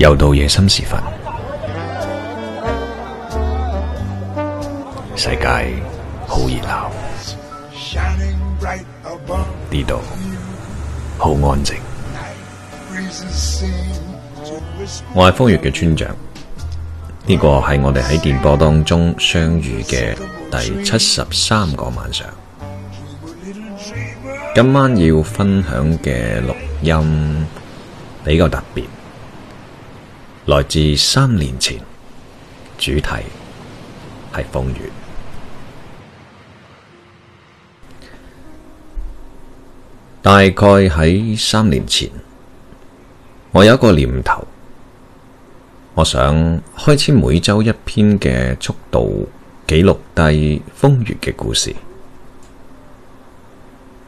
又到夜深時分，世界好熱鬧，呢度好安靜。我係瘋粵嘅村長，呢個係我哋喺電波當中相遇嘅第七十三個晚上。今晚要分享嘅錄音比較特別。來自三年前，主題係瘋粵。大概喺三年前，我有一個念頭，我想開始每周一篇嘅速度記錄低瘋粵嘅故事，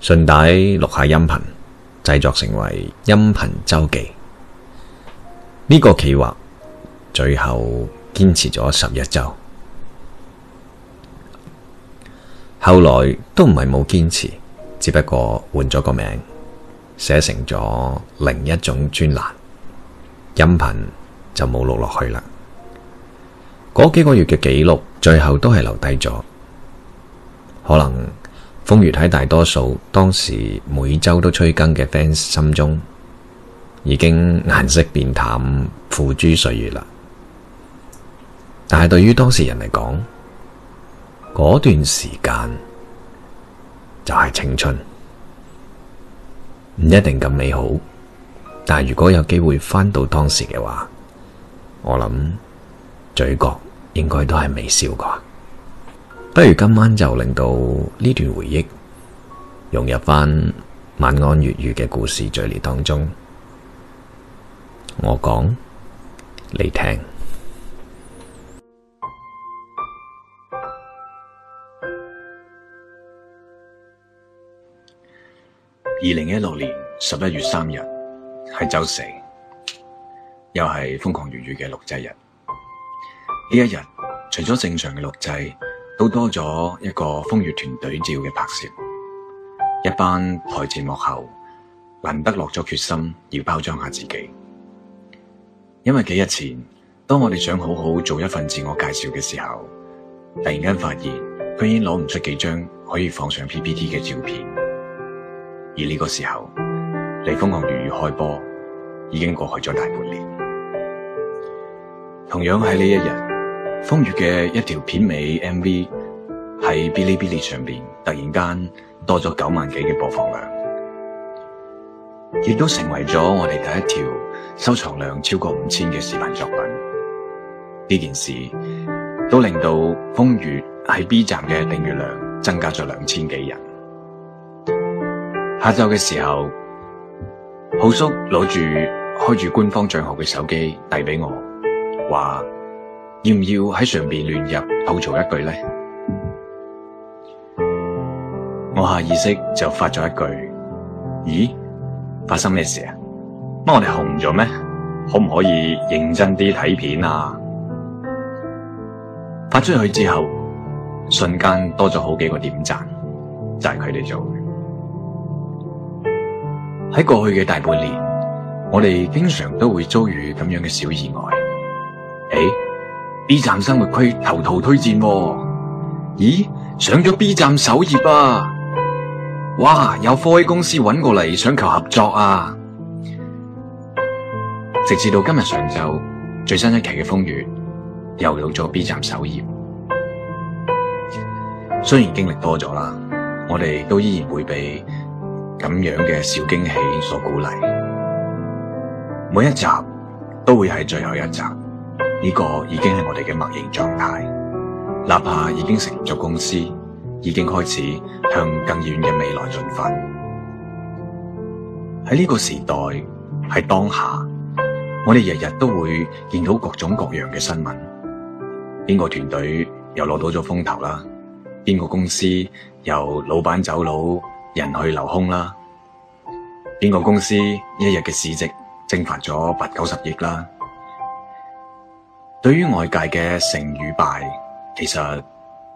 順帶錄下音頻，製作成為音頻周記。呢個企劃最後堅持咗十一周，後來都唔係冇堅持，只不過換咗個名，寫成咗另一種專欄，音頻就冇錄落去啦。嗰幾個月嘅記錄最後都係留低咗，可能瘋粵喺大多數當時每周都催更嘅 fans 心中。已經顏色變淡、付諸歲月啦。但係對於當事人嚟講，嗰段時間就係青春，唔一定咁美好。但係如果有機會翻到當時嘅話，我諗嘴角應該都係微笑啩。不如今晚就令到呢段回憶融入翻晚安粵語嘅故事序列當中。我講，你聽。二零一六年十一月三日係周四，又係瘋狂粵語嘅錄製日。呢一日除咗正常嘅錄製，都多咗一個瘋粵團隊照嘅拍攝。一班台前幕後難得落咗決心，要包裝下自己。因為幾日前，當我哋想好好做一份自我介紹嘅時候，突然間發現，居然攞唔出幾張可以放上 PPT 嘅照片。而呢個時候，離瘋狂粵語開播已經過去咗大半年。同樣喺呢一日，瘋粵嘅一條片尾 MV 喺嗶哩嗶哩上邊，突然間多咗九萬幾嘅播放量。亦都成為咗我哋第一條收藏量超過五千嘅視頻作品，呢件事都令到瘋粵喺 B 站嘅訂閱量增加咗兩千幾人。下晝嘅時候，耗叔攞住開住官方賬號嘅手機遞俾我，話要唔要喺上邊亂入吐槽一句呢？我下意識就發咗一句：咦？發生咩事啊？乜我哋紅咗咩？可唔可以認真啲睇片啊？發出去之後，瞬間多咗好幾個點讚，就係佢哋做嘅。喺過去嘅大半年，我哋經常都會遭遇咁樣嘅小意外。誒，欸，B 站生活區頭圖推薦喎，咦？上咗 B 站首頁啊！哇！有 4A 公司揾過嚟想求合作啊！直至到今日上晝最新一期嘅《瘋粵》又到咗 B 站首頁，雖然經歷多咗啦，我哋都依然會被咁樣嘅小驚喜所鼓勵。每一集都會係最後一集，呢個已經係我哋嘅默認狀態。哪怕已經成咗公司，已經開始。向更遠嘅未來進發。喺呢個時代，喺當下，我哋日日都會見到各種各樣嘅新聞。邊個團隊又攞到咗風投啦？邊個公司由老闆走佬、人去樓空啦？邊個公司一日嘅市值蒸發咗八九十億啦？對於外界嘅成與敗，其實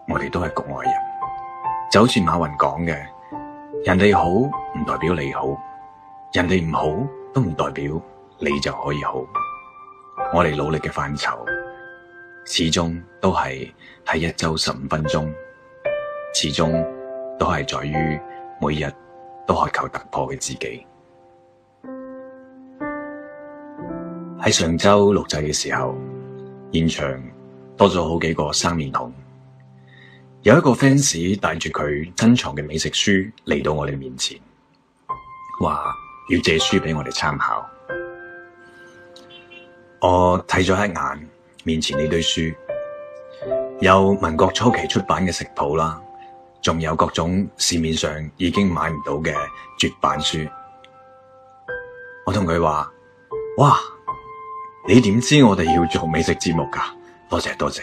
我哋都係局外人。就好似馬雲講嘅，人哋好唔代表你好，人哋唔好都唔代表你就可以好。我哋努力嘅範疇，始終都係喺一周十五分鐘，始終都係在於每日都渴求突破嘅自己。喺上周錄製嘅時候，現場多咗好幾個生面孔。有一個 fans 帶住佢珍藏嘅美食書嚟到我哋面前，話要借書俾我哋參考。我睇咗一眼面前呢堆書，有民國初期出版嘅食譜啦，仲有各種市面上已經買唔到嘅絕版書。我同佢話：哇，你點知我哋要做美食節目㗎？多謝多謝。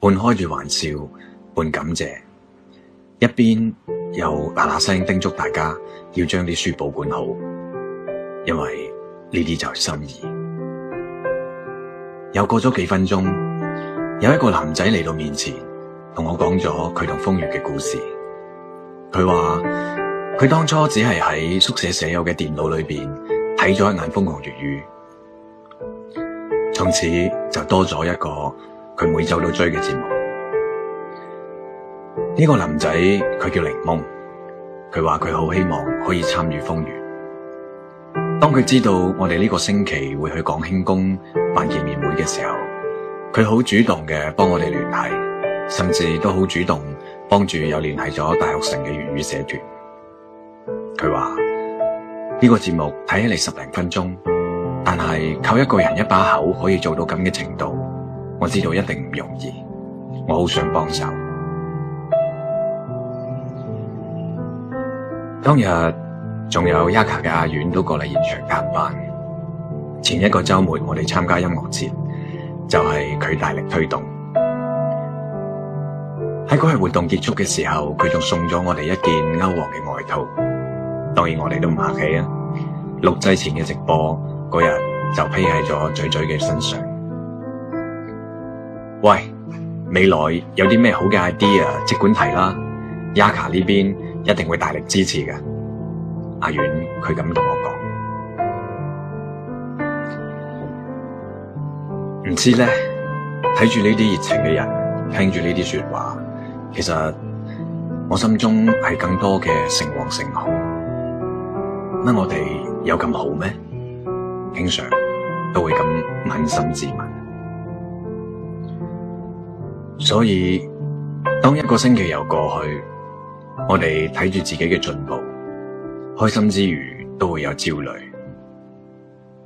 半開住玩笑，半感謝，一邊又嗱嗱聲叮囑大家要將啲書保管好，因為呢啲就係心意。又過咗幾分鐘，有一個男仔嚟到面前，同我講咗佢同瘋粵嘅故事。佢話佢當初只係喺宿舍舍友嘅電腦裏邊睇咗一眼瘋狂粵語，從此就多咗一個，佢每周都追嘅節目，呢、這個男仔佢叫檸檬，佢話佢好希望可以參與《瘋粵》。當佢知道我哋呢個星期會去廣輕工辦見面會嘅時候，佢好主動嘅幫我哋聯繫，甚至都好主動幫住又聯繫咗大學城嘅粵語社團。佢話呢個節目睇起嚟十零分鐘，但係靠一個人一把口可以做到咁嘅程度，我知道一定唔容易，我好想幫手。當日仲有 YACA 嘅阿丸都過嚟現場探班。前一個週末我哋參加音樂節，就係佢大力推動。喺嗰日活動結束嘅時候，佢仲送咗我哋一件歐皇嘅外套。當然我哋都唔客氣啊。錄製前嘅直播嗰日就披喺咗嘴嘴嘅身上。喂，未來有啲咩好嘅 idea，即管提啦，YACA 呢邊一定會大力支持嘅。阿丸，佢咁同我講。唔知咧，睇住呢啲熱情嘅人，聽住呢啲說話，其實我心中係更多嘅誠惶誠恐。乜我哋有咁好咩？經常都會咁捫心自問。所以，當一個星期又過去，我哋睇住自己嘅進步，開心之餘都會有焦慮，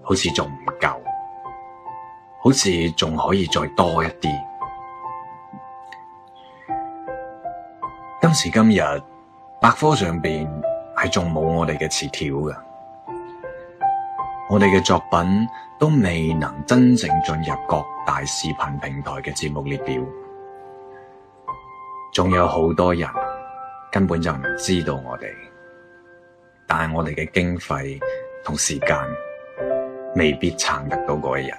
好似仲唔夠，好似仲可以再多一啲。今時今日，百科上邊係仲冇我哋嘅詞條㗎，我哋嘅作品都未能真正進入各大視頻平台嘅節目列表。仲有好多人根本就唔知道我哋，但係我哋嘅經費同時間未必撐得到嗰一日，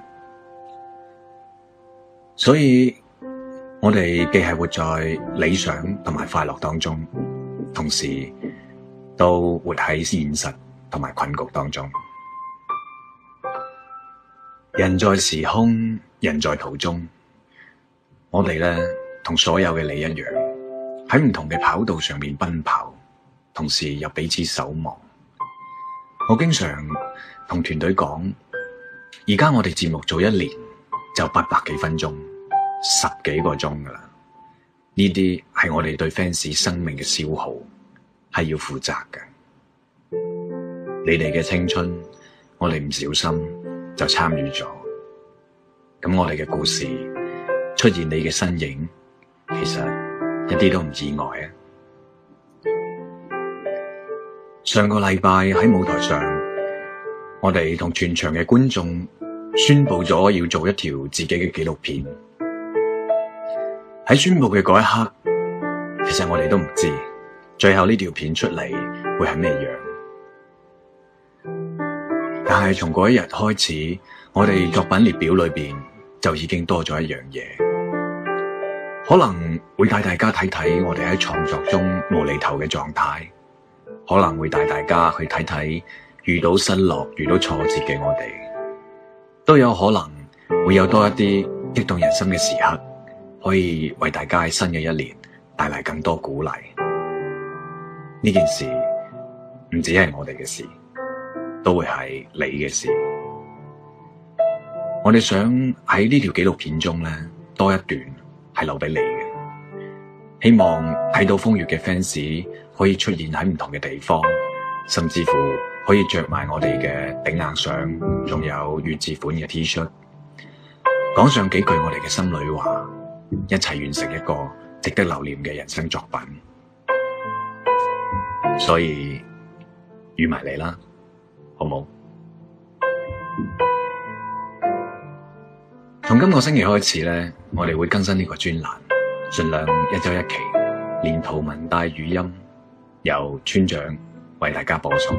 所以我哋既係活在理想同埋快樂當中，同時都活喺現實同埋困局當中。人在時空，人在途中，我哋咧同所有嘅你一樣。喺唔同嘅跑道上面奔跑，同時又彼此守望。我經常同團隊講，而家我哋節目做一年就八百幾分鐘，十幾個鐘噶啦。呢啲係我哋對 fans 生命嘅消耗，係要負責嘅。你哋嘅青春，我哋唔小心就參與咗。咁我哋嘅故事出現你嘅身影，其實，一啲都唔意外啊！上個禮拜喺舞台上，我哋同全場嘅觀眾宣布咗要做一條自己嘅紀錄片。喺宣布嘅嗰一刻，其實我哋都唔知最後呢條片出嚟會係咩樣。但係從嗰一日開始，我哋作品列表裏邊就已經多咗一樣嘢。可能會帶大家睇睇我哋喺創作中無厘頭嘅狀態，可能會帶大家去睇睇遇到失落、遇到挫折嘅我哋，都有可能會有多一啲激動人心嘅時刻，可以為大家喺新嘅一年帶嚟更多鼓勵。呢件事唔止係我哋嘅事，都會係你嘅事。我哋想喺呢條紀錄片中咧多一段，係留俾你嘅，希望睇到瘋粵嘅 fans 可以出現喺唔同嘅地方，甚至乎可以着埋我哋嘅頂硬上，仲有粵字款嘅 T 恤，講上幾句我哋嘅心裏話，一齊完成一個值得留念嘅人生作品。所以預埋你啦，好冇？從今個星期開始咧，我哋會更新呢個專欄，盡量一周一期，連圖文帶語音，由村長為大家補充。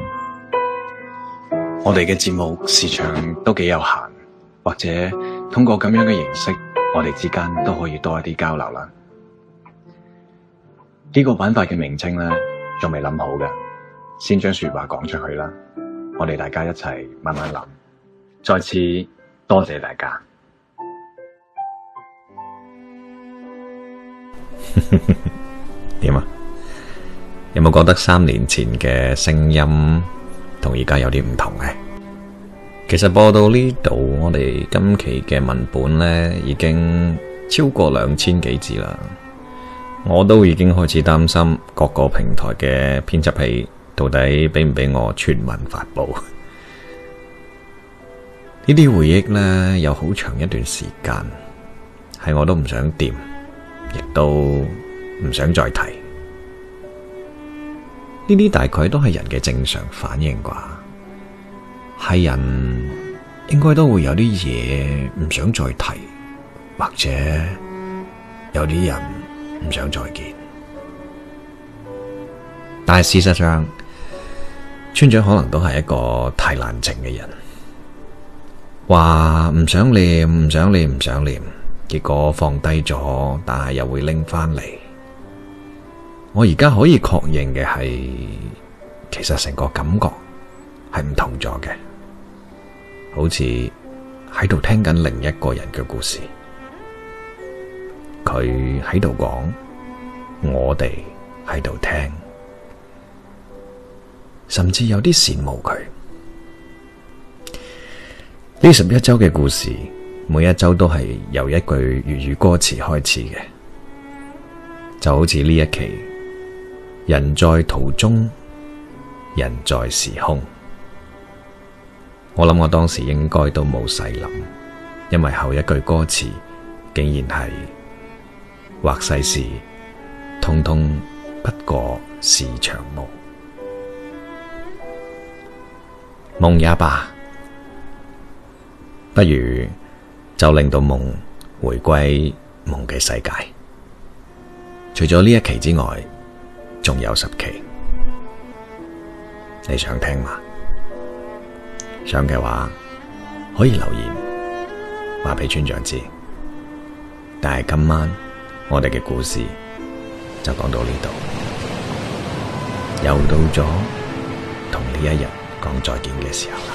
我哋嘅節目時長都幾有限，或者通過咁樣嘅形式，我哋之間都可以多一啲交流啦。這個、呢個板塊嘅名稱咧，仲未諗好嘅，先將說話講出去啦。我哋大家一齊慢慢諗。再次多謝大家。點 啊？有冇覺得三年前嘅聲音同而家有啲唔同嘅？其實播到呢度，我哋今期嘅文本呢，已經超過兩千幾字啦。我都已經開始擔心各個平台嘅編輯器到底俾唔俾我全文發佈？呢啲回憶呢，有好長一段時間係我都唔想掂。亦都唔想再提，呢啲大概都係人嘅正常反應啩。係人應該都會有啲嘢唔想再提，或者有啲人唔想再見。但係事實上，村長可能都係一個太難靜嘅人，話唔想念，唔想念，唔想念。結果放低咗，但係又會拎翻嚟。我而家可以確認嘅係，其實成個感覺係唔同咗嘅，好似喺度聽緊另一個人嘅故事。佢喺度講，我哋喺度聽，甚至有啲羨慕佢呢十一周嘅故事。每一周都係由一句粵語歌詞開始嘅，就好似呢一期，人在途中，人在時空。我諗我當時應該都冇細諗，因為後一句歌詞竟然係，或世事通通不過是場夢，夢也罷，不如。就令到夢回歸夢嘅世界。除咗呢一期之外，仲有十期，你想聽嗎？想嘅話可以留言話俾村長知。但係今晚我哋嘅故事就講到呢度，又到咗同呢一日講再見嘅時候啦。